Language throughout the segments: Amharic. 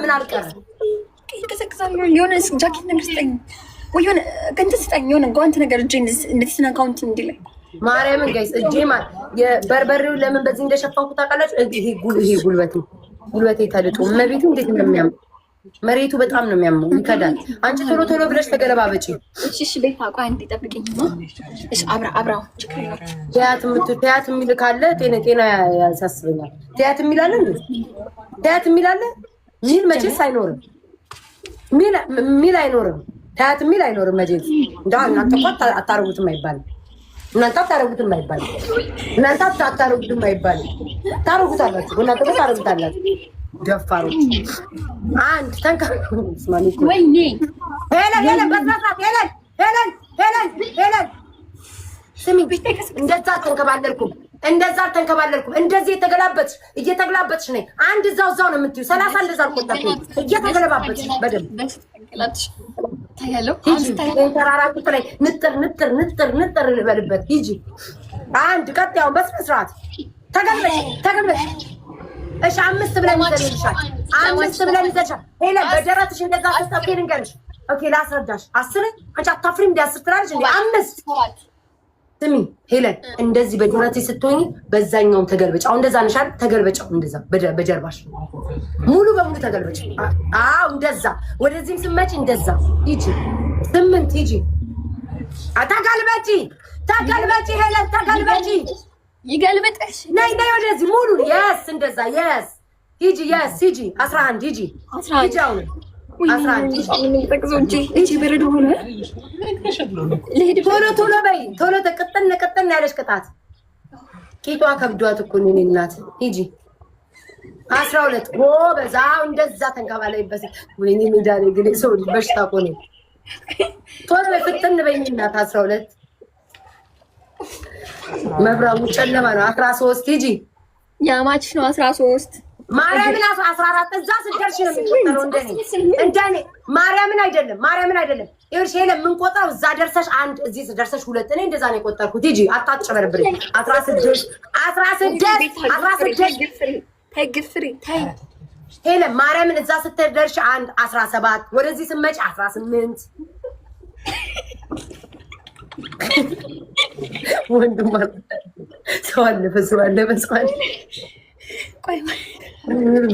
ምን አልቀረ ይቀሰቅሳል። የሆነ ጃኬት ነገር ስጠኝ፣ የሆነ እንትን ስጠኝ፣ የሆነ ጓንት ነገር እጄ እንደዚህ ስናጋውንት እንዲለኝ ማርያምን ጋይስ እጄ ማለት የበርበሬውን ለምን በዚህ እንደሸፋንኩ ታውቃላችሁ? ይሄ ጉልበቴ ጉልበቴ ተልጦ መቤቱ እንዴት እንደሚያምር መሬቱ በጣም ነው የሚያምነው። ይከዳል። አንቺ ቶሎ ቶሎ ብለሽ ተገለባበጪ። እሺ፣ ቤት አቋ እንዲጠብቅኝ እሺ። አብራ የሚል ካለ ጤና ያሳስበኛል። ቲያት የሚል አለ ቲያት ይህን መቼስ አይኖርም ሚል አይኖርም ታያት ሚል አይኖርም መቼስ። እንደ እናንተ እኮ አታረጉትም አይባል፣ እናንተ አታረጉትም አይባል፣ እናንተ አታረጉትም አይባል። ታረጉታላችሁ። እናንተ እኮ ታረጉታላችሁ። ደፋሮች አንድ ተንካ ሄለን ሄለን በስራሳት ሄለን ሄለን ሄለን ሄለን ስሚ እንደዛ አትንከባለልኩም እንደዛ አልተንከባለልኩም። እንደዚህ የተገላበጥሽ እየተገላበጥሽ ነኝ። አንድ እዛው እዛው ነው የምትዩ ሰላሳ እንደዛ አልቆጣኩም። እየተገለባበጥሽ በደምብ ተራራቁት ላይ ንጥር ንጥር ንጥር ንጥር ልበልበት። ሂጂ አንድ ቀጥ ያው በስነ ስርዓት ተገልበሽ ተገልበሽ። እሺ አምስት ብለን ይዘንልሻል። አምስት ብለን ይዘልሻል። ሄለ በደረትሽ እንደዛ ስታኬ ልንገርሽ። ኦኬ ላስረዳሽ። አስር አንቺ አታፍሪም? እንዲ አስር ትላለች እንዲ አምስት ስሚ ሄለን፣ እንደዚህ በጅራቴ ስትሆኝ በዛኛውም ተገልበጭ። አሁን እንደዛ ነሻል፣ ተገልበጫው እንደዛ በጀርባሽ ሙሉ በሙሉ ተገልበጭ። አዎ እንደዛ፣ ወደዚህም ስመጪ እንደዛ ሂጂ፣ ስምንት ሂጂ፣ ተገልበጪ፣ ተገልበጪ፣ ሄለን ተገልበጪ። ይገልብጥሽ። ነይ ነይ፣ ወደዚህ ሙሉ የስ፣ እንደዛ የስ፣ ሂጂ፣ የስ ሂጂ፣ አስራ አንድ ሂጂ፣ ሂጂ አሁን ቶሎ በይ ቶሎ ተቀጠን ቀጠን ያለች ቅጣት ቂጧ ከብዷት እኮ እኔ እናት ሂጂ አስራ ሁለት ጎበዝ። እንደዛ ተንከባለይበት። ወይኔ ሜዳ ላይ ግን ሰው በሽታ እኮ ነው። ቶሎ ፍጥን እናት። አስራ ሁለት መብራቱ ጨለማ ነው። አስራ ሶስት ሂጂ ያማች ነው። አስራ ሶስት ማርያምን አስራ አራት እዛ ስደርሽ ነው የሚቆጠረው። እንደኔ እንደኔ ማርያምን አይደለም ማርያምን አይደለም ይኸውልሽ፣ ሄለ የምንቆጥረው እዛ ደርሰሽ አንድ እዚህ ደርሰሽ ሁለት። እኔ እንደዛ ነው የቆጠርኩት። ሂጂ አታጭበርብሪ። አስራ ስድስት አስራ ስድስት አስራ ስድስት ተይ ግፍሪ ተይ ሄለ ማርያምን እዛ ስትደርሽ አንድ አስራ ሰባት ወደዚህ ስመጭ አስራ ስምንት ወንድማ ሰው አለፈ ሰው አለፈ ሰው አለ ቆይ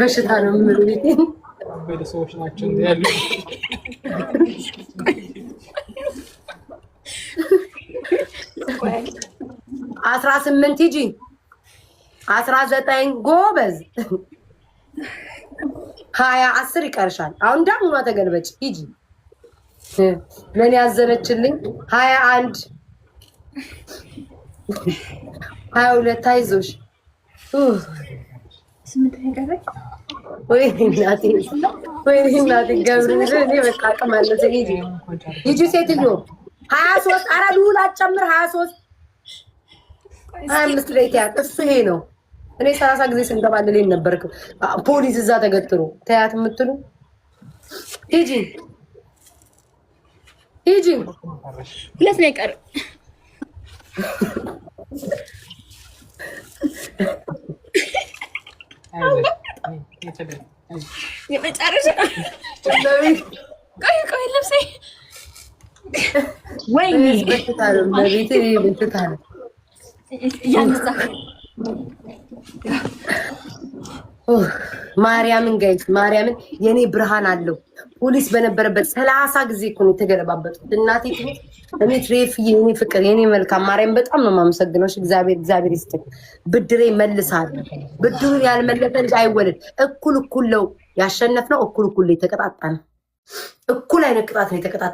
በሽታ ነው የምንሉ ሰዎች ናቸው ያሉ አስራ ስምንት ሂጂ አስራ ዘጠኝ ጎበዝ ሀያ አስር ይቀርሻል። አሁን ዳሙና ተገልበጭ ሂጂ። ለእኔ ያዘነችልኝ ሀያ አንድ ሀያ ሁለት አይዞሽ ስምንት ነው የቀረኝ። ወይኔ እናቴ ወይኔ እናቴ ገብርኤል እኔ በቃ አቅም አለው ይቺ ሴትዮ ሀያ ሶስት ኧረ ልውል አጨምር ሀያ ሶስት ሀያ አምስት ደቂቃ እሱ ይሄ ነው። እኔ ሰላሳ ጊዜ ስንገባ ልሌን ነበር ፖሊስ እዛ ተገጥሮ ተያት የምትሉ ሂጂ ሂጂ ሁለት ነው የቀረው የመጨረሻ ቆይ ቆይ ልብሴ ወይኔ ነው ማርያምን ጋይዝ ማርያምን የኔ ብርሃን አለው ፖሊስ በነበረበት ሰላሳ ጊዜ እኮ ነው የተገለባበጡት። እናቴ ትሄድ እኔ ትሬፍ የኔ ፍቅር የኔ መልካም ማርያም በጣም ነው የማመሰግነው። እግዚአብሔር እግዚአብሔር ይስጥክ። ብድሬ መልሳል። ብድሩ ያልመለሰ ልጅ አይወለድ። እኩል እኩል ነው ያሸነፍነው። እኩል እኩል የተቀጣጣ ነው። እኩል አይነት ቅጣት ነው የተቀጣጣ